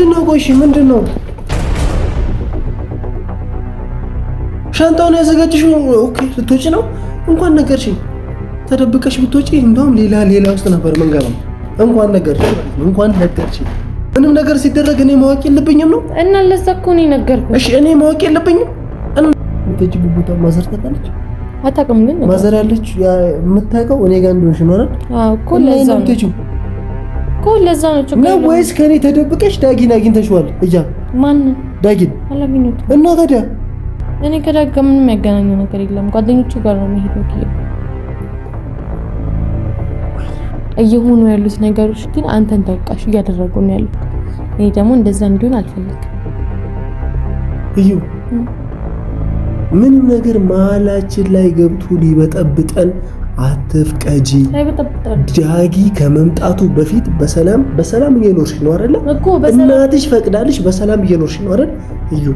ምንድን ነው? ቆይ ምንድን ነው? ሻንጣውን ያዘጋጀሽው? ኦኬ ልትወጪ ነው? እንኳን ነገርሽኝ። ተደብቀሽ ብትወጪ እንደውም ሌላ ሌላ ውስጥ ነበር መንገባው። እንኳን ነገርሽኝ፣ እንኳን ነገርሽኝ። ምንም ነገር ሲደረግ እኔ ማወቅ የለብኝም ነው? እና ለዛ እኮ ነው የነገርኩህ። እሺ እኔ ማወቅ የለብኝም። የምትሄጂበት ቦታ ማዘር ታውቃለች? አታውቅም። ግን ማዘር ያለች የምታውቀው እኔ ጋር እንደሆንሽ ነው አይደል? አዎ እኮ ለዛ ነው እኮ ለዛ ነው ችግር ወይስ ከኔ ተደብቀሽ ዳጊን አግኝተሽዋል? እያልን ማንን? ዳጊን አላገኘሁትም። እና ታዲያ እኔ ከዳጊ ጋር ምንም ያገናኘው ነገር የለም። ጓደኞቹ ጋር ነው የሚሄደው። እየሆኑ ያሉት ነገሮች ግን አንተ እንዳውቃሽ እያደረጉ ነው ያሉት። እኔ ደግሞ እንደዛ እንዲሆን አልፈልግም። እዩ ምንም ነገር መሀላችን ላይ ገብቶ ሊበጠብጠን አትፍቀጂ። ዳጊ ከመምጣቱ በፊት በሰላም በሰላም እየኖርሽ ነው አይደለ? እናትሽ ፈቅዳልሽ በሰላም እየኖርሽ ነው አይደል? እዩ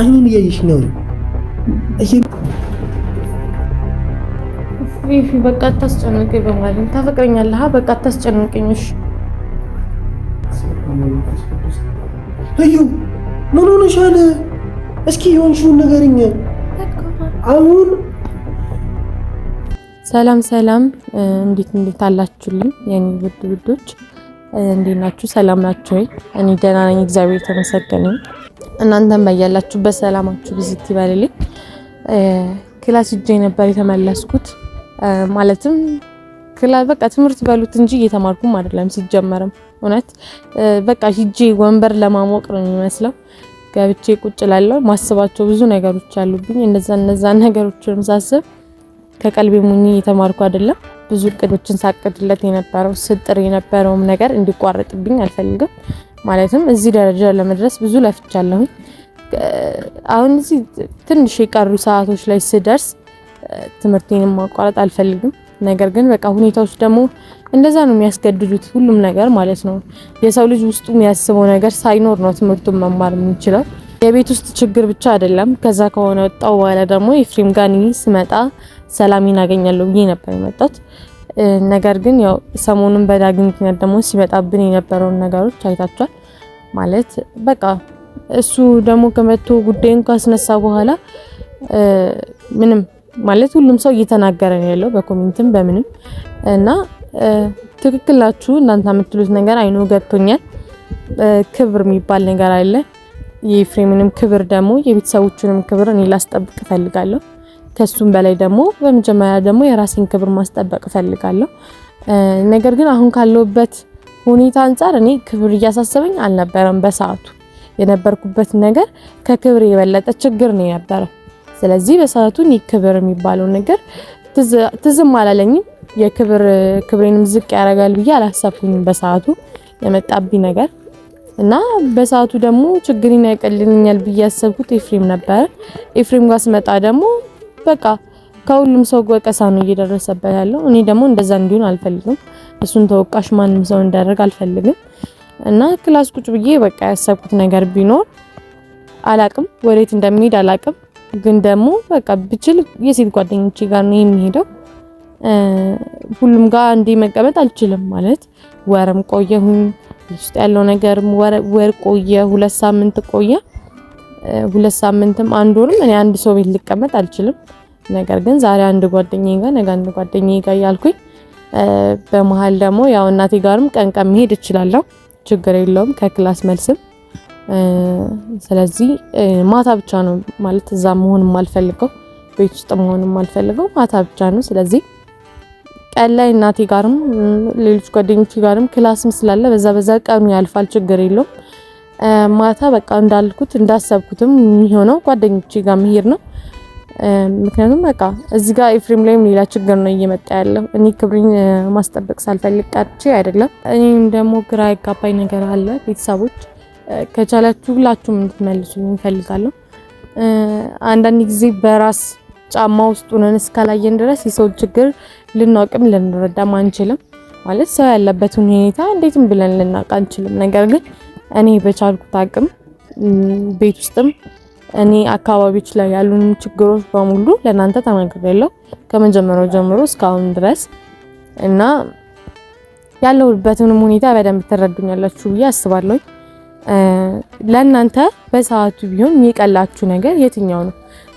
አይኑን እያየሽ ነው። ይህ በቃ አታስጨንቀኝ በማለት ታፈቅረኛለህ። በቃ አታስጨንቀኝ። እዩ ምን ሆነሻል? እስኪ የሆንሽውን ንገሪኝ አሁን ሰላም ሰላም፣ እንዴት እንዴት አላችሁልኝ የኔ ውድ ውዶች፣ እንዴት ናችሁ? ሰላም ናችሁ ወይ? እኔ ደህና ነኝ፣ እግዚአብሔር የተመሰገነ። እናንተም በያላችሁ በሰላማችሁ ብዝት ይበልልኝ። ክላስ እጄ ነበር የተመለስኩት። ማለትም ክላስ በቃ ትምህርት በሉት እንጂ እየተማርኩም አይደለም ሲጀመርም። እውነት በቃ ሂጄ ወንበር ለማሞቅ ነው የሚመስለው። ገብቼ ቁጭ ላለው ማስባቸው ብዙ ነገሮች አሉብኝ። እነዛ እነዛ ነገሮችንም ሳስብ ከቀልቤ ሙኝ የተማርኩ አይደለም። ብዙ እቅዶችን ሳቅድለት የነበረው ስጥር የነበረውም ነገር እንዲቋረጥብኝ አልፈልግም። ማለትም እዚህ ደረጃ ለመድረስ ብዙ ለፍቻለሁኝ። አሁን እዚህ ትንሽ የቀሩ ሰዓቶች ላይ ስደርስ ትምህርቴንም ማቋረጥ አልፈልግም። ነገር ግን በቃ ሁኔታዎች ደግሞ እንደዛ ነው የሚያስገድዱት፣ ሁሉም ነገር ማለት ነው። የሰው ልጅ ውስጡ የሚያስበው ነገር ሳይኖር ነው ትምህርቱን መማር የምንችለው። የቤት ውስጥ ችግር ብቻ አይደለም። ከዛ ከሆነ ወጣው በኋላ ደግሞ የፍሬም ጋኒ ስመጣ ሰላም አገኛለሁ ብዬ ነበር የመጣሁት። ነገር ግን ያው ሰሞኑን በዳግም ምክንያት ደግሞ ሲመጣብን የነበረውን ነገሮች አይታችኋል። ማለት በቃ እሱ ደግሞ ከመቶ ጉዳዩን ካስነሳ በኋላ ምንም ማለት ሁሉም ሰው እየተናገረ ነው ያለው በኮሜንትም በምንም እና ትክክል ናችሁ እናንተ የምትሉት ነገር አይኖ ገብቶኛል። ክብር የሚባል ነገር አለ። የፍሬምንም ክብር ደግሞ የቤተሰቦቹንም ክብር እኔ ላስጠብቅ እፈልጋለሁ። ከሱም በላይ ደግሞ በመጀመሪያ ደግሞ የራሴን ክብር ማስጠበቅ እፈልጋለሁ። ነገር ግን አሁን ካለውበት ሁኔታ አንጻር እኔ ክብር እያሳሰበኝ አልነበረም። በሰዓቱ የነበርኩበት ነገር ከክብር የበለጠ ችግር ነው የነበረው። ስለዚህ በሰዓቱ እኔ ክብር የሚባለው ነገር ትዝም አላለኝም። የክብር ክብሬንም ዝቅ ያደርጋል ብዬ አላሰብኩኝም በሰዓቱ የመጣብኝ ነገር እና በሰዓቱ ደግሞ ችግሬን ያቀልልኛል ብዬ ያሰብኩት ኤፍሬም ነበረ። ኤፍሬም ጋር ስመጣ ደግሞ በቃ ከሁሉም ሰው ወቀሳ ነው እየደረሰበት ያለው። እኔ ደግሞ እንደዛ እንዲሆን አልፈልግም። እሱን ተወቃሽ ማንም ሰው እንዳደረግ አልፈልግም እና ክላስ ቁጭ ብዬ በቃ ያሰብኩት ነገር ቢኖር አላቅም፣ ወዴት እንደሚሄድ አላቅም። ግን ደግሞ በቃ ብችል የሴት ጓደኞች ጋር ነው የሚሄደው። ሁሉም ጋር እንዲህ መቀመጥ አልችልም ማለት ወርም ቆየሁኝ ውስጥ ያለው ነገር ወር ቆየ፣ ሁለት ሳምንት ቆየ ሁለት ሳምንትም አንድ ወርም እኔ አንድ ሰው ቤት ልቀመጥ አልችልም። ነገር ግን ዛሬ አንድ ጓደኛዬ ጋር ነገ አንድ ጓደኛዬ ጋር እያልኩኝ በመሀል ደግሞ ያው እናቴ ጋርም ቀን ቀን መሄድ እችላለሁ፣ ችግር የለውም ከክላስ መልስም። ስለዚህ ማታ ብቻ ነው ማለት እዛ መሆን የማልፈልገው ቤት ውስጥ መሆን የማልፈልገው ማታ ብቻ ነው። ስለዚህ ቀን ላይ እናቴ ጋርም ሌሎች ጓደኞች ጋርም ክላስም ስላለ በዛ በዛ ቀኑ ያልፋል፣ ችግር የለውም። ማታ በቃ እንዳልኩት እንዳሰብኩትም የሚሆነው ጓደኞቼ ጋር መሄድ ነው። ምክንያቱም በቃ እዚህ ጋር ኤፍሬም ላይም ሌላ ችግር ነው እየመጣ ያለው። እኔ ክብሬን ማስጠበቅ ሳልፈልግ ቀርቼ አይደለም። እኔም ደግሞ ግራ ያጋባኝ ነገር አለ። ቤተሰቦች ከቻላችሁ ሁላችሁም እንድትመልሱ እንፈልጋለሁ። አንዳንድ ጊዜ በራስ ጫማ ውስጥ ሆነን እስካላየን ድረስ የሰው ችግር ልናውቅም ልንረዳም አንችልም። ማለት ሰው ያለበትን ሁኔታ እንዴትም ብለን ልናውቅ አንችልም። ነገር ግን እኔ በቻልኩት አቅም ቤት ውስጥም እኔ አካባቢዎች ላይ ያሉንም ችግሮች በሙሉ ለእናንተ ተናግሬያለሁ ከመጀመሪያው ጀምሮ እስካሁን ድረስ እና ያለሁበትንም ሁኔታ በደንብ ትረዱኛላችሁ ብዬ አስባለሁ። ለእናንተ በሰዓቱ ቢሆን የሚቀላችሁ ነገር የትኛው ነው?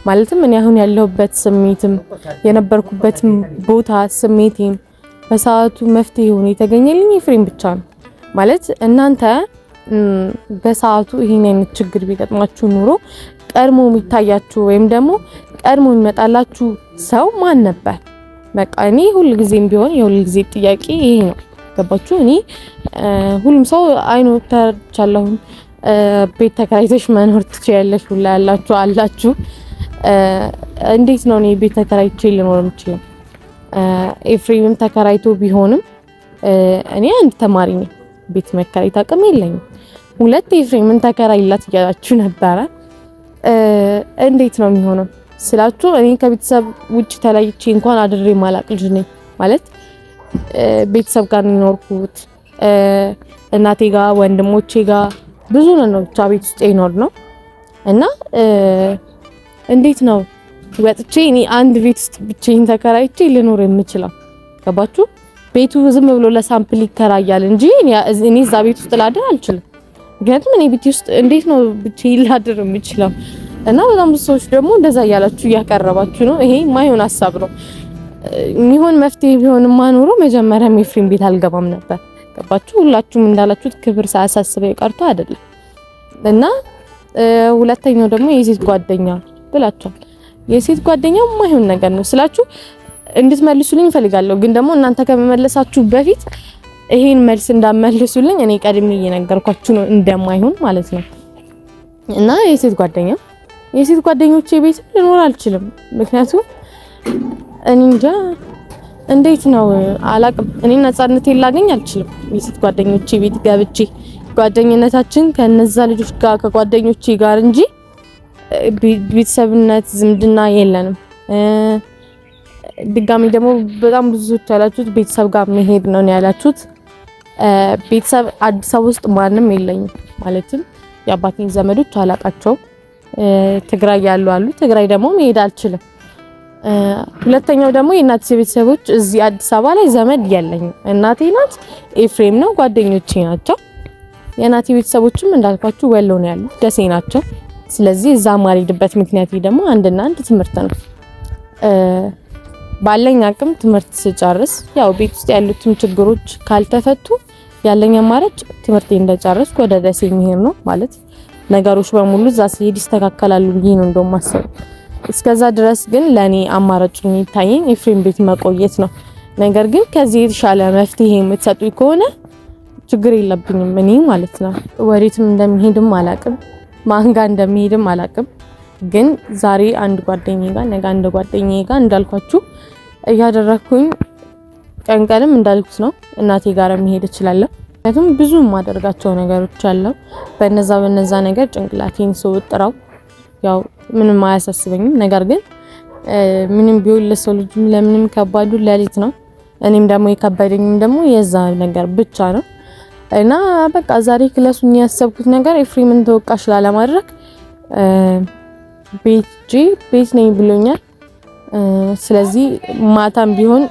ማለትም እኔ አሁን ያለሁበት ስሜትም የነበርኩበትም ቦታ ስሜቴም በሰዓቱ መፍትሄ ሆኖ የተገኘልኝ ፍሬም ብቻ ነው ማለት እናንተ በሰዓቱ ይሄን አይነት ችግር ቢገጥማችሁ ኑሮ ቀድሞ የሚታያችሁ ወይም ደግሞ ቀድሞ የሚመጣላችሁ ሰው ማን ነበር? በቃ እኔ ጊዜም ቢሆን ጊዜ ጥያቄ ይሄ ነው። ገባችሁ? እኔ ሁሉም ሰው አይኖ ተርቻለሁ፣ ቤት ተከራይተሽ መኖር ትችያለሽ ሁላ ያላችሁ አላችሁ። እንዴት ነው እኔ ቤት ተከራይቼ ልኖር የምችለው? ኤፍሬምም ተከራይቶ ቢሆንም እኔ አንድ ተማሪ ነኝ። ቤት መከራየት አቅም የለኝም። ሁለት ተከራ ተከራይላት እያላችሁ ነበረ። እንዴት ነው የሚሆነው ስላችሁ እኔ ከቤተሰብ ውጭ ተለይቼ እንኳን አድሬ ማላቅ ልጅ ነኝ። ማለት ቤተሰብ ጋር ነው የኖርኩት። እናቴ ጋር ወንድሞቼ ጋር ብዙ ነው ብቻ ቤት ውስጥ የኖር ነው እና እንዴት ነው ወጥቼ እኔ አንድ ቤት ውስጥ ብቻዬን ተከራይቼ ልኖር የምችለው? ገባችሁ? ቤቱ ዝም ብሎ ለሳምፕል ይከራያል እንጂ እኔ እዛ ቤት ውስጥ ላድር አልችልም። ምክንያቱም እኔ ቤት ውስጥ እንዴት ነው ብቻዬን ላድር የምችለው? እና በጣም ብዙ ሰዎች ደግሞ እንደዛ እያላችሁ እያቀረባችሁ ነው። ይሄ ማይሆን ሀሳብ ነው። የሚሆን መፍትሄ ቢሆን ማኖረው መጀመሪያ ኤፍሬም ቤት አልገባም ነበር። ገባችሁ? ሁላችሁም እንዳላችሁት ክብር ሳያሳስበው ቀርቶ አይደለም። እና ሁለተኛው ደግሞ የሴት ጓደኛ ብላችኋል። የሴት ጓደኛ ማይሆን ነገር ነው ስላችሁ እንድትመልሱልኝ እፈልጋለሁ። ግን ደግሞ እናንተ ከመመለሳችሁ በፊት ይሄን መልስ እንዳመልሱልኝ እኔ ቀድሜ እየነገርኳችሁ ነው እንደማይሆን ማለት ነው። እና የሴት ጓደኛ የሴት ጓደኞቼ ቤት ልኖር አልችልም። ምክንያቱም እኔ እንጃ እንዴት ነው አላቅም። እኔ ነጻነቴን ላገኝ አልችልም። የሴት ጓደኞቼ ቤት ገብቼ ጓደኝነታችን ከነዛ ልጆች ጋር ከጓደኞቼ ጋር እንጂ ቤተሰብነት ዝምድና የለንም። ድጋሚ ደግሞ በጣም ብዙ ሰዎች ያላችሁት ቤተሰብ ጋር መሄድ ነው ያላችሁት። ቤተሰብ አዲስ አበባ ውስጥ ማንም የለኝም። ማለትም የአባቴን ዘመዶች አላቃቸው። ትግራይ ያሉ አሉ። ትግራይ ደግሞ መሄድ አልችልም። ሁለተኛው ደግሞ የእናቴ ቤተሰቦች እዚህ አዲስ አበባ ላይ ዘመድ የለኝም። እናቴ ናት፣ ኤፍሬም ነው፣ ጓደኞቼ ናቸው። የእናቴ ቤተሰቦችም እንዳልኳችሁ ወሎ ነው ያሉ፣ ደሴ ናቸው። ስለዚህ እዛ ማልሄድበት ምክንያት ደግሞ አንድና አንድ ትምህርት ነው። ባለኝ አቅም ትምህርት ስጨርስ ያው ቤት ውስጥ ያሉትም ችግሮች ካልተፈቱ ያለኝ አማራጭ ትምህርቴን እንደጨረስኩ ወደ ደሴ የሚሄድ ነው ማለት ነገሮች በሙሉ እዛ ሲሄድ ይስተካከላሉ ብዬ ነው እንደውም አሰብ። እስከዛ ድረስ ግን ለኔ አማራጭ የሚታየኝ ኤፍሬም ቤት መቆየት ነው። ነገር ግን ከዚህ የተሻለ መፍትሄ የምትሰጡኝ ከሆነ ችግር የለብኝም እኔ ማለት ነው። ወዴትም እንደሚሄድም አላቅም፣ ማንጋ እንደሚሄድም አላቅም። ግን ዛሬ አንድ ጓደኛዬ ጋር ነገ አንድ ጓደኛዬ ጋር እንዳልኳችሁ እያደረኩኝ ቀን ቀንም እንዳልኩት ነው እናቴ ጋር መሄድ እችላለሁ። ምክንያቱም ብዙ የማደርጋቸው ነገሮች አለው። በነዛ በነዛ ነገር ጭንቅላቴን ስወጥረው ያው ምንም አያሳስበኝም። ነገር ግን ምንም ቢሆን ለሰው ልጅ ለምንም ከባዱ ሌሊት ነው። እኔም ደግሞ የከበደኝም ደግሞ የዛ ነገር ብቻ ነው እና በቃ ዛሬ ክለሱን ያሰብኩት ነገር ኤፍሬምን ተወቃሽ ላለማድረግ ቤት ጂ ቤት ነኝ ብሎኛል። ስለዚህ ማታም ቢሆን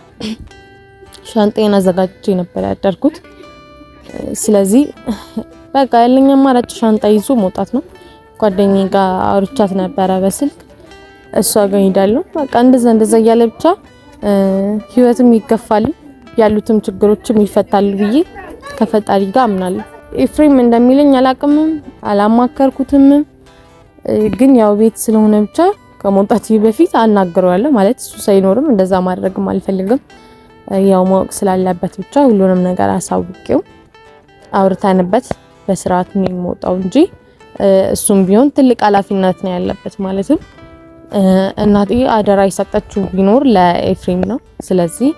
ሻንጤን አዘጋጅቼ ነበር ያደርኩት። ስለዚህ በቃ ያለኝ አማራጭ ሻንጣ ይዞ መውጣት ነው። ጓደኛ ጋር አውርቻት ነበረ በስልክ እሷ ጋር ሄዳለሁ። በቃ እንደዛ እንደዛ እያለ ብቻ ህይወትም ይገፋል ያሉትም ችግሮችም ይፈታሉ ብዬ ከፈጣሪ ጋር አምናለሁ። ኤፍሬም እንደሚለኝ አላቅምም፣ አላማከርኩትም። ግን ያው ቤት ስለሆነ ብቻ ከመውጣት በፊት አናግረዋለሁ። ማለት እሱ ሳይኖርም እንደዛ ማድረግም አልፈልግም። ያው ማወቅ ስላለበት ብቻ ሁሉንም ነገር አሳውቂው አውርተንበት በስርዓት ነው የሚወጣው እንጂ እሱም ቢሆን ትልቅ ኃላፊነት ነው ያለበት። ማለትም እናቴ አደራ የሰጠችው ቢኖር ለኤፍሬም ነው። ስለዚህ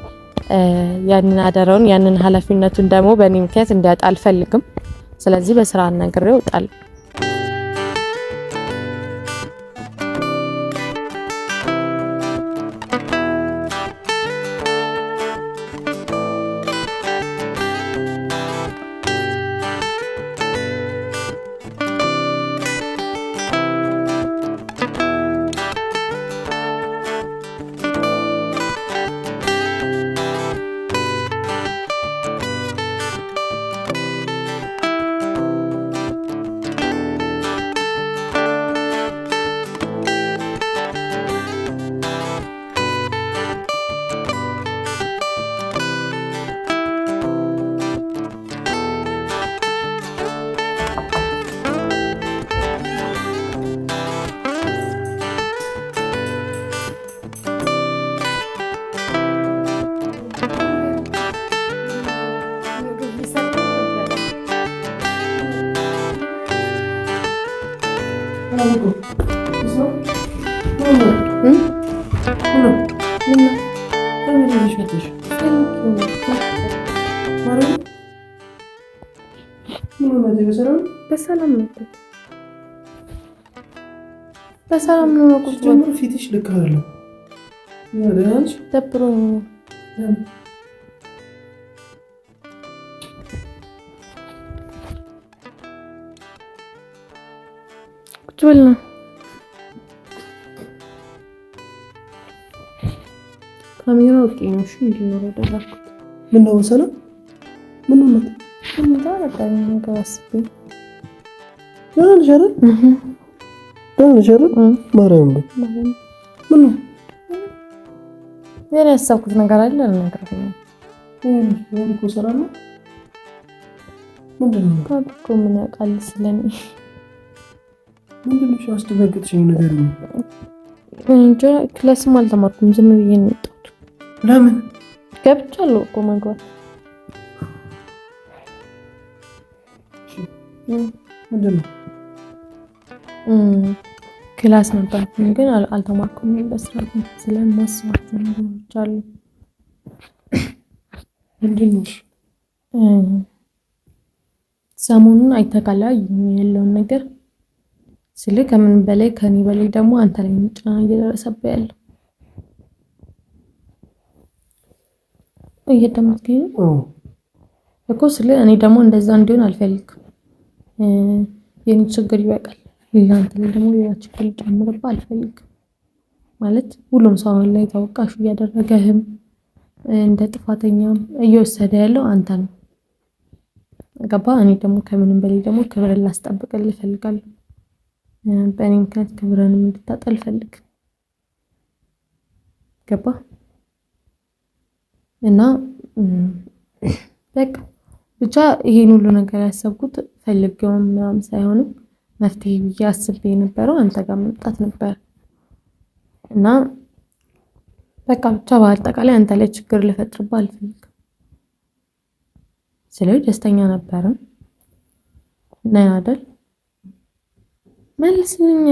ያንን አደራውን ያንን ኃላፊነቱን ደግሞ በእኔ ምክንያት እንዲያጣ አልፈልግም። ስለዚህ በስራ ነግሬው እወጣለሁ። በሰላም ነው ቁጭ ብሎ ፊትሽ ልክ አይደለም። ደብሮኝ ቁጭ ብል ነው ካሜራ ወቂ እንዲኖር ያደረኩት ምን ነው መሰለህ፣ ምን ነው ምን ታረጋኝ ነው ጋስቢ ያሰብኩት ነገር አለ ምን ክላስም አልተማርኩም ዝም ብዬ ነው የወጣሁት ለምን ገብቻለሁ እኮ መግባት ምንድን ነው ክላስ ነበርኩኝ ግን አልተማርኩም። በስራት ስለማስባቸው ነገሮች አሉ። ምንድነሽ ሰሞኑን አይተቃላይ ያለውን ነገር ስል ከምን በላይ ከኔ በላይ ደግሞ አንተ ላይ ጫና እየደረሰብህ ያለው እየደመጥከኝ እኮ ስል እኔ ደግሞ እንደዛ እንዲሆን አልፈልግም። የኔ ችግር ይበቃል። ሌላ እንትን ደግሞ ሌላ ችግር ጨምርባ አልፈልግም። ማለት ሁሉም ሰው አሁን ላይ ተወቃሽ እያደረገህም እንደ ጥፋተኛም እየወሰደ ያለው አንተ ነው። ገባ? እኔ ደግሞ ከምንም በላይ ደግሞ ክብርን ላስጠብቅልህ እፈልጋለሁ። በእኔ ምክንያት ክብርንም እንድታጠል ፈልግ ገባ? እና በቃ ብቻ ይሄን ሁሉ ነገር ያሰብኩት ፈልገው ምናምን ሳይሆንም መፍትሄ ብዬ አስቤ የነበረው አንተ ጋር መምጣት ነበር እና በቃ ብቻ በአጠቃላይ አንተ ላይ ችግር ልፈጥርብህ አልፈልግም ስለው ደስተኛ ነበርም ነን አይደል? መልስልኛ፣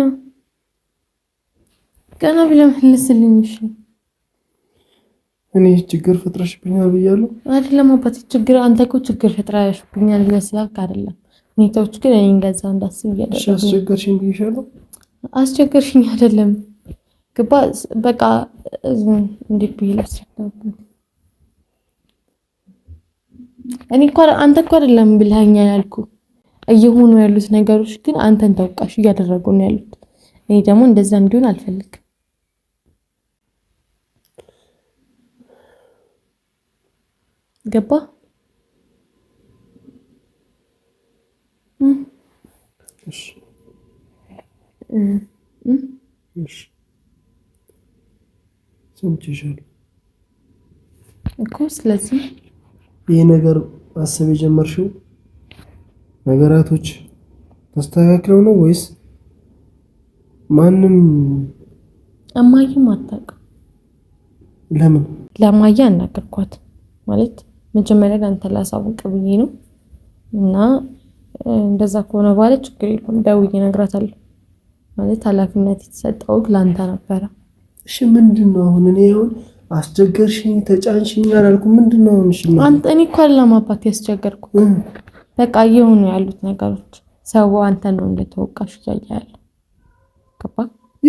ቀና ብለ መልስልኝ። እሺ እኔ ችግር ፈጥረሽብኛል ብያለሁ አይደለም አባቴ? ችግር አንተ እኮ ችግር ፈጥረሽብኛል ብለህ ስላልክ አይደለም ሁኔታዎች ግን እኔ እንደዛ እንዳስብ እያደረገ አስቸገርሽኝ አይደለም ግባ በቃ እንዴት ብዬ እኔ አንተ እኳ አይደለም ብልሃኛ ያልኩ እየሆኑ ያሉት ነገሮች ግን አንተን ተውቃሽ እያደረጉ ነው ያሉት። እኔ ደግሞ እንደዛ እንዲሆን አልፈልግም። ገባ ሰምቼሻለሁ እኮ። ስለዚህ ይህ ነገር አሰብ የጀመርሽው ነገራቶች ተስተካክለው ነው ወይስ ማንም? እማዬም አታውቅም። ለምን ለማዬ አናገርኳት? ማለት መጀመሪያ ለአንተ ላሳውቅ ብዬ ነው እና እንደዛ ከሆነ በኋላ ችግር የለም ደውዬ እነግራታለሁ። ማለት ኃላፊነት የተሰጠው ለአንተ ነበረ። እሺ ምንድን ነው አሁን? እኔ አሁን አስቸገርሽኝ፣ ተጫንሽኝ አላልኩ። ምንድን ነው አሁን? እሺ አንተ እኔ እኮ ለማባት ያስቸገርኩ። በቃ እየሆኑ ያሉት ነገሮች ሰው አንተ ነው እንደተወቃሽ እያየ ያለ ገባ።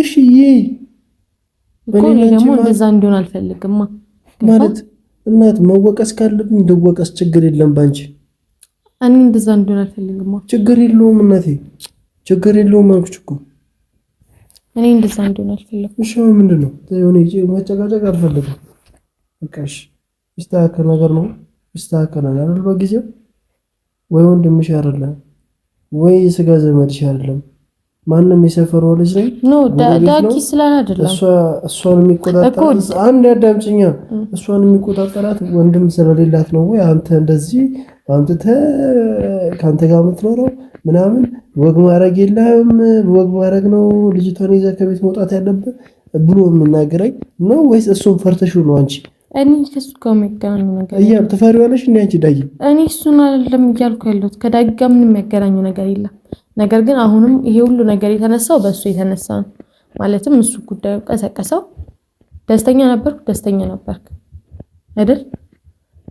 እሺ ይሄ እኮ እኔ ደግሞ እንደዛ እንዲሆን አልፈልግማ። ማለት እናት መወቀስ ካለብኝ ደወቀስ ችግር የለም ባንቺ እኔ እንደዛ እንደሆነ አልፈልግም። ችግር የለውም እናቴ፣ ችግር የለውም አልኩሽ እኮ እኔ እንደዛ እንደሆነ አልፈልግም። እሺ ምንድን ነው የሆነ መጨቃጨቅ አልፈልግም። በቃ ይስተካከል ነገር ነው ይስተካከል ነገር አይደል? በጊዜው ወይ ወንድምሽ አይደለም ወይ ስጋ ዘመድሽ አይደለም ማንም የሰፈሯ ልጅ ነኝ። ኖ ዳጊ ስላን አይደለም። እሷ እሷን የሚቆጣጠራት አንድ አዳምጭኛ፣ እሷን የሚቆጣጠራት ወንድም ስለሌላት ነው ወይ አንተ እንደዚህ አንተ ተ ከአንተ ጋር የምትኖረው ምናምን ወግ ማድረግ የለም ወግ ማድረግ ነው ልጅቷን ይዘህ ከቤት መውጣት ያለብህ ብሎ የምናገረኝ ነው ወይስ እሱን ፈርተሽው ነው አንቺ? እኔ ከሱ ጋር የሚገናኙ ነገር እያ ትፈሪዋለሽ እንደ አንቺ ዳጊ። እኔ እሱን አይደለም እያልኩ ያለሁት ከዳጊ ጋር ምንም የሚያገናኙ ነገር የለም። ነገር ግን አሁንም ይሄ ሁሉ ነገር የተነሳው በእሱ የተነሳ ነው። ማለትም እሱ ጉዳዩ ቀሰቀሰው። ደስተኛ ነበርኩ፣ ደስተኛ ነበርክ አይደል?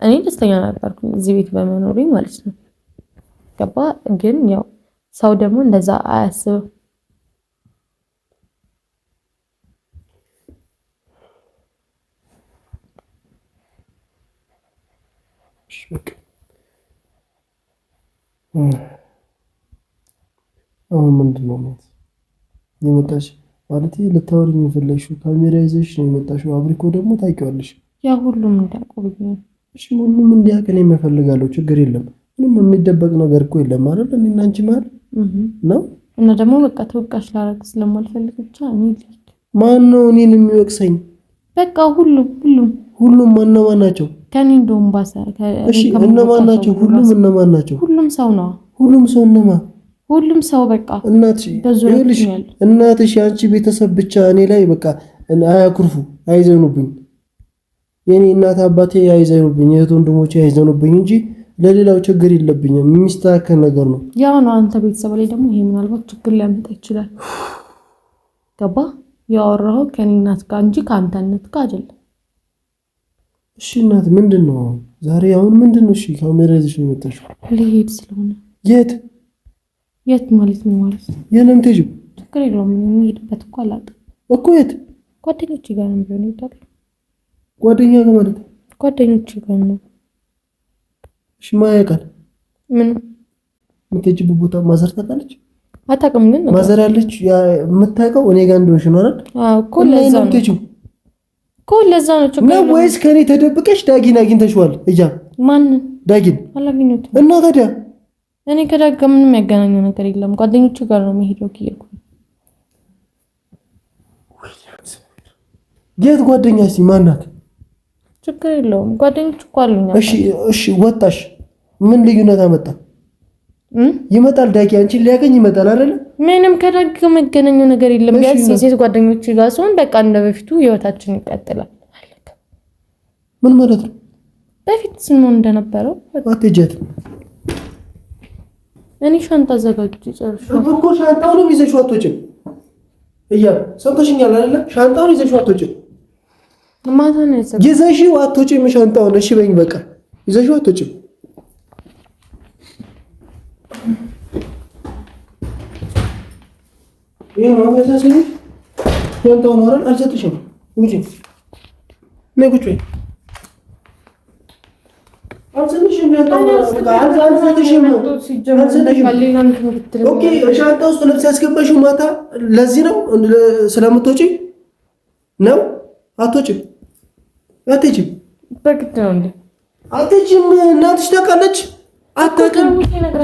እኔ ደስተኛ ነበርኩ እዚህ ቤት በመኖሪ ማለት ነው። ገባ? ግን ያው ሰው ደግሞ እንደዛ አያስብም። አሁን ምንድን ነው ማለት የመጣሽ ማለት ልታወሪ የፈለግሽው ካሜራ ይዘሽ ነው የመጣሽው። አብሪኮ ደግሞ ታውቂዋለሽ። ያ ሁሉም እንዳቆብኝ እሺ፣ ሁሉም እንዲያውቅ እኔ የምፈልጋለሁ። ችግር የለም ምንም የሚደበቅ ነገር እኮ የለም ማለት እኔ እና አንቺ መሀል ነው። እና ደግሞ በቃ ተወቃሽ ላረግ ስለማልፈልግ ብቻ እኔ ማን ነው እኔን የሚወቅሰኝ? በቃ ሁሉም ሁሉም ሁሉም እነማን ናቸው? ከኔ እንደውም ባሰ። እሺ እነማን ናቸው? ሁሉም እነማን ናቸው? ሁሉም ሰው ነው። ሁሉም ሰው እነማን ሁሉም ሰው በቃ እናትሽ የአንቺ ቤተሰብ ብቻ እኔ ላይ በቃ አያኩርፉ፣ አይዘኑብኝ። የኔ እናት አባቴ አይዘኑብኝ፣ እህት ወንድሞች አይዘኑብኝ እንጂ ለሌላው ችግር የለብኝም። የሚስተካከል ነገር ነው። ያ ነው አንተ ቤተሰብ ላይ ደግሞ ይሄ ምናልባት ችግር ሊያመጣ ይችላል። ገባ ያወራኸው ከኔ እናት ጋር እንጂ ከአንተ እናት ጋር አይደለም። እሺ እናት ምንድን ነው ዛሬ? አሁን ምንድን ነው? እሺ ካሜራ ይዘሽ ነው የመጣሽው? ልሄድ ስለሆነ የት የት ማለት ነው? ማለት የት ነው የምትሄጂው? ችግር የለውም የምሄድበት እኮ አላውቅም እኮ። የት ጓደኞች ጋር ነው ቢሆን ይወጣል። ጓደኛ ጋር ማለት ጓደኞች ጋር ነው። እሺ ማን ያውቃል? ምን የምትሄጂበት ቦታ ማዘር ታውቃለች? አታውቅም። ግን ማዘር ያለች የምታውቀው እኔ ጋር እንደሆነሽ ነው አይደል? አዎ እኮ ለዛ ነው እኮ ለዛ ነው። ችግር ነው ወይስ ከእኔ ተደብቀሽ ዳጊን አግኝተሽዋል? እያ ማንን? ዳጊን አላገኘሁትም። እና ታዲያ እኔ ከዳግ ጋር ምንም ያገናኘው ነገር የለም። ጓደኞቹ ጋር ነው የሚሄደው እየሄድኩ የት ጓደኛ ሲ ማናት? ችግር የለውም ጓደኞች እኮ አሉኝ። እሺ እሺ፣ ወጣሽ ምን ልዩነት አመጣ? ይመጣል ዳጊ አንቺን ሊያገኝ ይመጣል አይደለ? ምንም ከዳጊ ጋር መገናኘው ነገር የለም። ቢያንስ የሴት ጓደኞች ጋር ሲሆን በቃ እንደ በፊቱ ህይወታችን ይቀጥላል። ምን ማለት ነው? በፊት ስንሆን እንደነበረው አትጀት እኔ ሻንጣ አዘጋጅቼ ጨርሻለሁ እኮ ሻንጣውን ይዘሽ አትወጪም እያሉ ሰምተሽኛል አይደለ? ሻንጣውን ይዘሽ አትወጪም። ማታ ነው ያዘጋጀው። ይዘሽው አትወጪም ሻንጣውን። እሺ በይኝ በቃ ይዘሽው አትወጪም። ይሄ ማመዛዘኝ ሻንጣውን አልሰጥሽም። ውጪ ነይ ቁጭ በይ ሻንጣ ውስጥ ልብስ ያስገባሽው ማታ ለዚህ ነው ስለምትወጪ ነው? አትወጪም፣ አትሄጂም። በግድ ነው እንዴ? አትሄጂም። እናትሽ ታውቃለች? አታውቅም። አታውቅም፣ እናትሽ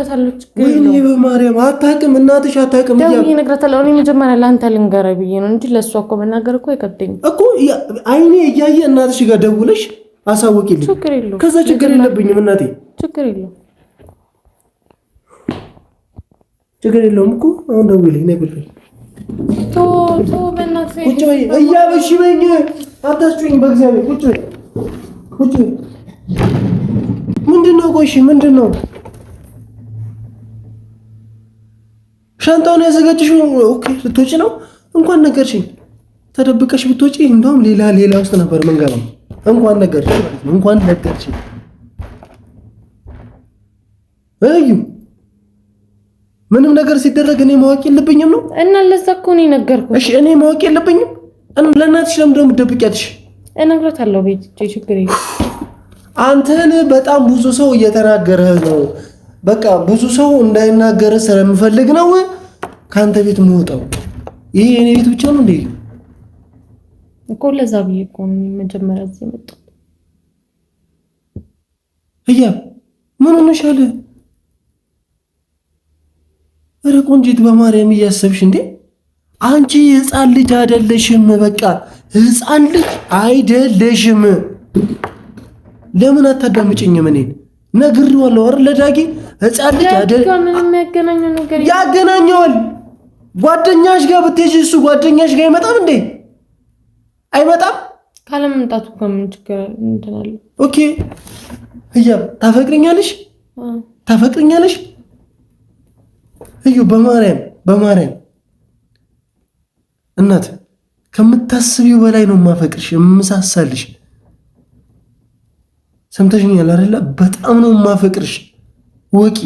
አታውቅም። ደውዬ እነግራታለሁ። እኔ መጀመሪያ ለአንተ ልንገረህ ብዬሽ ነው እንጂ ለእሷ እኮ መናገር እኮ አይከብደኝም እኮ አይኔ እያየ እናትሽ ጋር ደውለሽ አሳውቂልኝ። ከዛ ችግር የለብኝም እናቴ፣ ችግር የለውም፣ ችግር የለውም እኮ አሁን ነይ ቶ ቶ በእናትሽ ቁጭ በይ፣ እያበሽ አታስጩኝ በእግዚአብሔር። ቁጭ በይ፣ ቁጭ በይ። ምንድን ነው ምንድን ነው ሻንጣውን ያዘጋጅሽው? ኦኬ፣ ልትወጪ ነው? እንኳን ነገርሽኝ። ተደብቀሽ ብትወጪ እንደውም ሌላ ሌላ ውስጥ ነበር መንገባው እንኳን ነገር ማለት ነው። እንኳን ነገርሽ እዩ ምንም ነገር ሲደረግ እኔ ማወቅ የለብኝም ነው እና ለዛ እኮ ነው የነገርኩሽ። እሺ እኔ ማወቅ የለብኝም እና ለእናትሽ ለምን ደግሞ ደብቂያትሽ? እነግራታለሁ። ቤት ችግር አንተን በጣም ብዙ ሰው እየተናገረ ነው። በቃ ብዙ ሰው እንዳይናገረ ስለምፈልግ ነው ከአንተ ቤት የምወጣው። ይሄ እኔ ቤት ብቻ ነው እንዴ? እኮ ለዛ ብዬ እኮ መጀመሪያ እዚህ የመጣሁት እያ ምን ሆነሻል? ኧረ ቆንጂት በማርያም እያሰብሽ እንዴ አንቺ ህፃን ልጅ አይደለሽም። በቃ ህፃን ልጅ አይደለሽም። ለምን አታዳምጭኝም? እኔን ነግሬዋለሁ። ኧረ ለዳጊ ህፃን ልጅ ያገናኘዋል። ጓደኛሽ ጋር ብትሄጂ እሱ ጓደኛሽ ጋር ይመጣም እንዴ አይመጣም። ካለመምጣቱ እኮ ምን ችግር እንትናለ? ኦኬ ህያብ ታፈቅርኛለሽ? ታፈቅርኛለሽ? እዩ በማርያም በማርያም እናት ከምታስቢው በላይ ነው የማፈቅርሽ፣ የምሳሳልሽ። ሰምተሽኛል አይደለ? በጣም ነው የማፈቅርሽ። ወቂ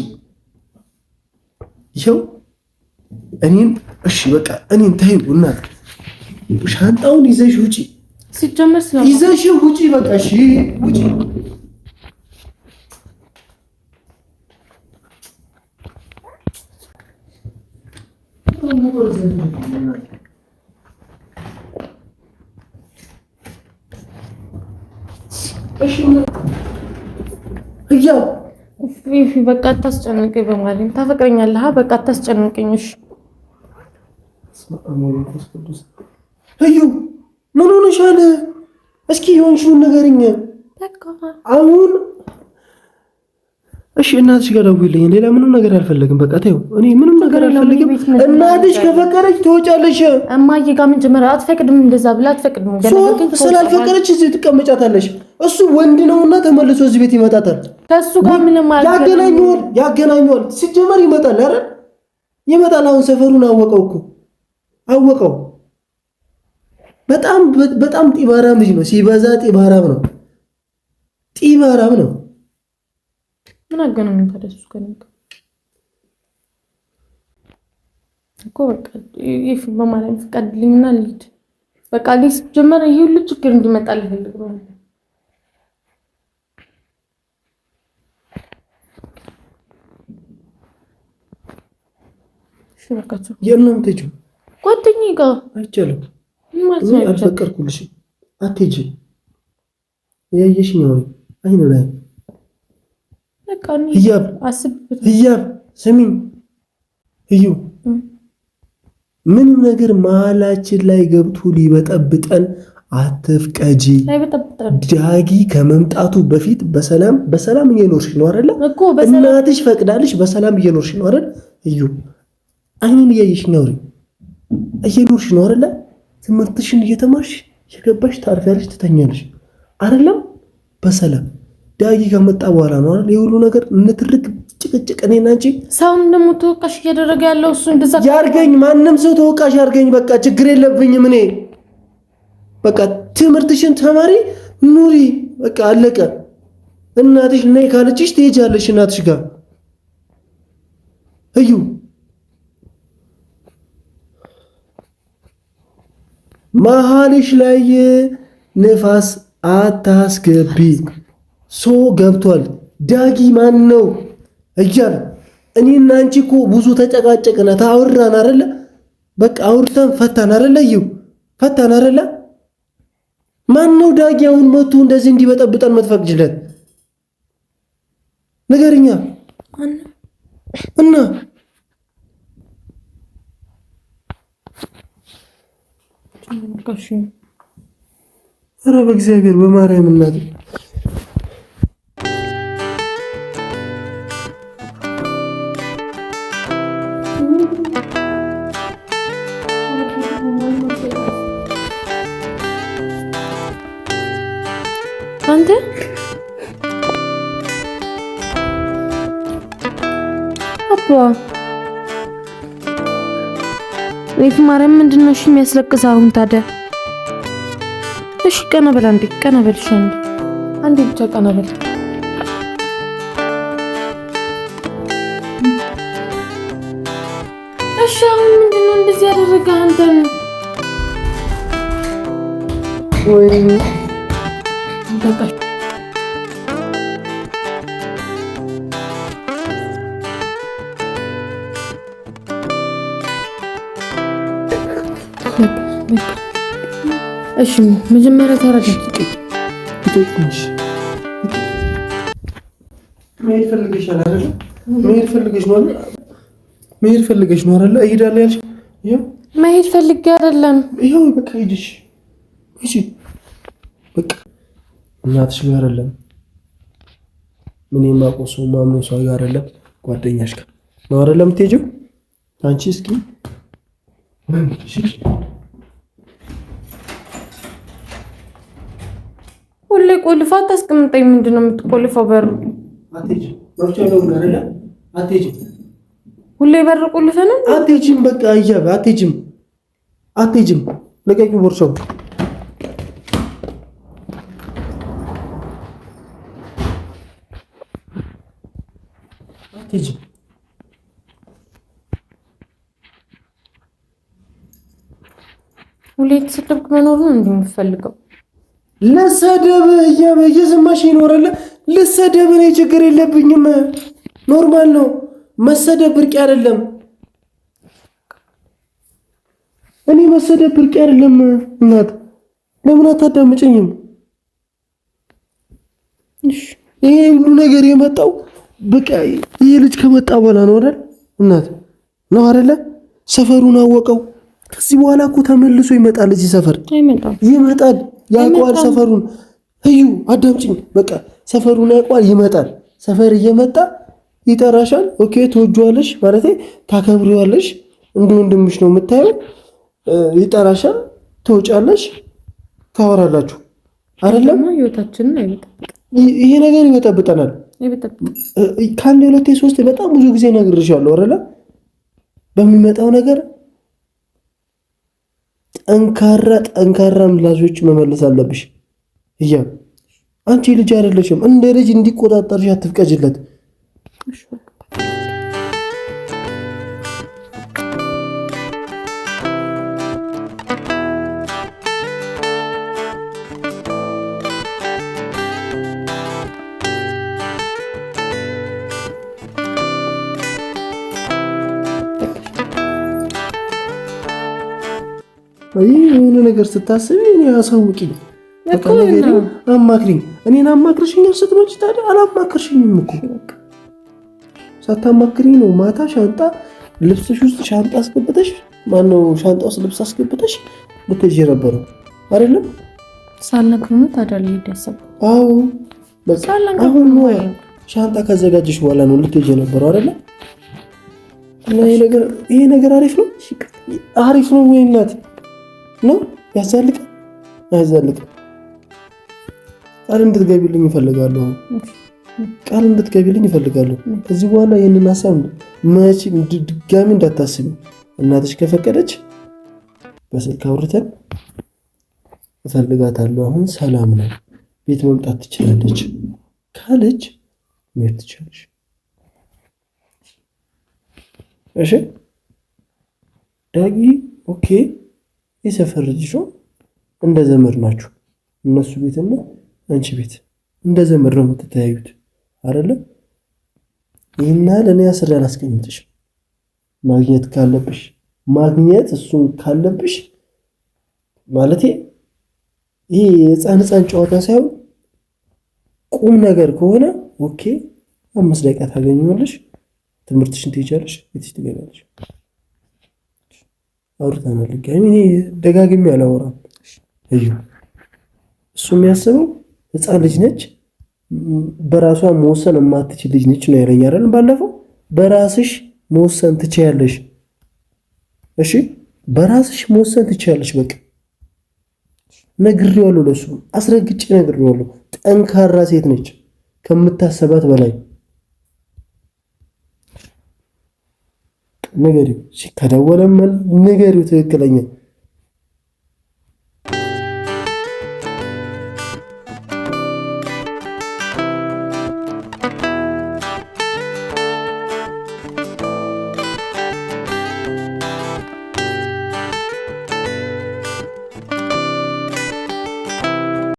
ይኸው እኔን እሺ፣ በቃ እኔን ተይው እናት ሻንጣውን ይዘሽ ውጪ። ሲጀመር ስለ ይዘሽ ውጪ፣ በቃ እሺ ውጪ። እያው በቃ አታስጨንቀኝ፣ በማለት ታፈቅረኛለህ። በቃ አታስጨንቀኝ። እሺ እዩ ምን ሆነሻል? እስኪ የሆንሽውን ንገሪኝ። አሁን እሺ እናትሽ ጋር ደውይልኝ። ሌላ ምንም ነገር አልፈለግም። በቃ ተይው። እኔ ምንም ነገር አልፈለግም። እናትሽ ከፈቀደች ትወጫለሽ። እማዬ ጋር ምን ጀመረ? አትፈቅድም፣ እንደዛ ብላ አትፈቅድም። ስላልፈቀደች እዚህ ትቀመጫታለሽ። እሱ ወንድ ነውና ተመልሶ እዚህ ቤት ይመጣታል። ከሱ ጋር ምንም ያገናኘዋል፣ ያገናኘዋል። ሲጀመር ይመጣል አይደል? ይመጣል። አሁን ሰፈሩን አወቀው እኮ አወቀው በጣም በጣም ጢባራም ልጅ ነው። ሲበዛ ጢባራም ነው፣ ጢባራም ነው። ምን አገናኙ ታዲያ እሱ ከነገ እኮ በቃ ይፍ በማለት ፍቀድልኝና ልሂድ። በቃ ሊስ ጀመረ። ይህ ሁሉ ችግር እንዲመጣ ልፈልግ ነው። እሺ ነው የለም ተጁ ጓደኛዬ ጋር አይቻልም ማለት ነው። አልፈቀድኩልሽም። አትሄጂም። ያየሽኝ ነው አይን ላይ ህያብ ህያብ ስሚኝ፣ እዩ ምንም ነገር መሀላችን ላይ ገብቶ ሊበጠብጠን አትፍቀጂ። ዳጊ ከመምጣቱ በፊት በሰላም በሰላም እየኖርሽ ነው አይደለ? እናትሽ ፈቅዳልሽ በሰላም እየኖርሽ ነው አይደል? እዩ አይንን እያየሽ ነው እየኖርሽ ነው አይደለ? ትምህርትሽን እየተማርሽ የገባሽ ታርፊያለሽ፣ ትተኛለሽ አይደለም በሰላም ዳጊ ከመጣ በኋላ ነው አይደል የሁሉ ነገር እንትርክ ጭቅጭቅ። እኔና አንቺ ሰውን ደግሞ ተወቃሽ እያደረገ ያለው እሱ። እንደዛ ያርገኝ፣ ማንም ሰው ተወቃሽ ያርገኝ። በቃ ችግር የለብኝም እኔ። በቃ ትምህርትሽን ተማሪ ኑሪ፣ በቃ አለቀ። እናትሽ ነይ ካለችሽ ትሄጃለሽ እናትሽ ጋር እዩ መሀልሽ ላይ ንፋስ አታስገቢ። ሶ ገብቷል። ዳጊ ማን ነው እያለ እኔና አንቺ እኮ ብዙ ተጨቃጨቅና ታውራን አደለ? በቃ አውርተን ፈታን አደለ? ይው ፈታን አደለ? ማን ነው ዳጊ አሁን መቶ እንደዚህ እንዲበጠብጠን መትፈቅጅለን ነገርኛ እና ኧረ በእግዚአብሔር በማርያም እናት አንተ አባ ቤት ማርያም ምንድን ነው እሺ የሚያስለቅስ? አሁን ታዲያ እሺ ቀና በል አንዴ፣ ቀና በል እሺ፣ አንዴ አንዴ ብቻ ቀና በል። እሺ አሁን ምንድን ነው እንደዚህ ያደረገ አንተ? ወይ እሺ መጀመሪያ ተረዳ። መሄድ ፈልገሽ ነው አይደል? መሄድ ነው አይደል? መሄድ ነው አይደል? እሄዳለሁ ያልሽ መሄድ ፈልጌ አይደለም። ይኸው በቃ ሂጂሽ። እሺ በቃ እናትሽ ጋር አይደለም፣ ምን የማውቀው ሰው ማምነው ሰው ጋር አይደለም፣ ጓደኛሽ ጋር ነው አይደለም። ትሄጂው አንቺ እስኪ ላይ ቆልፋ አታስቀምጠኝ። ምንድን ነው የምትቆልፈው? በሩ ሁሌ በር ቆልፈ ነው። አትሄጂም፣ በቃ እያበ አትሄጂም፣ አትሄጂም። ለቀቂ ቦርሳው ሁሌ የተሰደብክ መኖር ነው እንዲህ የምትፈልገው ልሰደብ እየዝማሽ ይኖራል። ልሰደብ እኔ ችግር የለብኝም። ኖርማል ነው መሰደብ፣ ብርቅ አይደለም። እኔ መሰደብ ብርቅ አይደለም። እናት ለምን አታዳምጨኝም? ይሄ ሁሉ ነገር የመጣው በቃ ይሄ ልጅ ከመጣ በኋላ ነው አይደል? እናት ነው አይደለ? ሰፈሩን አወቀው። ከዚህ በኋላ እኮ ተመልሶ ይመጣል፣ እዚህ ሰፈር ይመጣል። ያውቀዋል ሰፈሩን። እዩ አዳምጪኝ፣ በቃ ሰፈሩን ያውቀዋል። ይመጣል ሰፈር እየመጣ ይጠራሻል። ኦኬ ትወጂዋለሽ፣ ማለት ታከብሪዋለሽ፣ እንደ ወንድምሽ ነው የምታየው። ይጠራሻል፣ ትወጫለሽ፣ ታወራላችሁ አይደለም። ይሄ ነገር ይበጠብጠናል። ከአንድ ሁለቴ ሶስቴ በጣም ብዙ ጊዜ ነግርሻለሁ አይደለም በሚመጣው ነገር ጠንካራ ጠንካራ ምላሾች መመለስ አለብሽ እያ አንቺ ልጅ አይደለሽም፣ እንደ ልጅ እንዲቆጣጠርሽ አትፍቀጅለት። አይ የሆነ ነገር ስታስቢ እኔ አሳውቂኝ፣ አማክሪኝ። እኔን አማክርሽኛል ስትመጪ ታዲያ አላማክርሽኝም እኮ ሳታማክሪኝ ነው። ማታ ሻንጣ ልብስሽ ውስጥ ሻንጣ አስገብተሽ ማነው ሻንጣ ውስጥ ልብስ አስገብተሽ ልትሄጂ ነበር አይደለም? ሳልነግሩን ታዲያ ልሄድ ያሰብኩት። አዎ በቃ አሁን ነው ሻንጣ ካዘጋጀሽ በኋላ ነው ልትሄጂ ነበር አይደለም? ይሄ ነገር አሪፍ ነው አሪፍ ነው ወይ እናት ነው ያዛልቃል አያዛልቅም። ቃል እንድትገቢልኝ ይፈልጋሉ። ቃል እንድትገቢልኝ ይፈልጋሉ። ከዚህ በኋላ ይህንን ሀሳብ መቼ ድጋሚ እንዳታስቢ። እናትሽ ከፈቀደች በስልክ አውርተን እፈልጋታለሁ፣ አሁን ሰላም ነው፣ ቤት መምጣት ትችላለች ካለች መሄድ ትችላለች። እሺ ዳጊ ኦኬ የሰፈር ልጅ ነው። እንደ ዘመድ ናችሁ። እነሱ ቤትና አንቺ ቤት እንደ ዘመድ ነው የምትተያዩት አይደለም። ይህና ለእኔ እኔ አስሬ ማግኘት ካለብሽ ማግኘት እሱን ካለብሽ ማለት ይህ የህፃን ህፃን ጨዋታ ሳይሆን ቁም ነገር ከሆነ ኦኬ፣ አምስት ደቂቃ ታገኘዋለሽ፣ ትምህርትሽን ትሄጃለሽ፣ ቤትሽ ትገባለሽ። አውርተናል። ድጋሚ እኔ ደጋግሜ አላወራም። እዩ እሱ የሚያስበው ህፃን ልጅ ነች፣ በራሷ መወሰን የማትችል ልጅ ነች ነው ያለኝ አይደል? ባለፈው በራስሽ መወሰን ትችያለሽ። እሺ በራስሽ መወሰን ትችያለሽ። በቃ ነግሬዋለሁ፣ ለሱ አስረግጬ ነግሬዋለሁ። ጠንካራ ሴት ነች ከምታሰባት በላይ ንገሪው፣ ከደወለም ንገሪው ትክክለኛ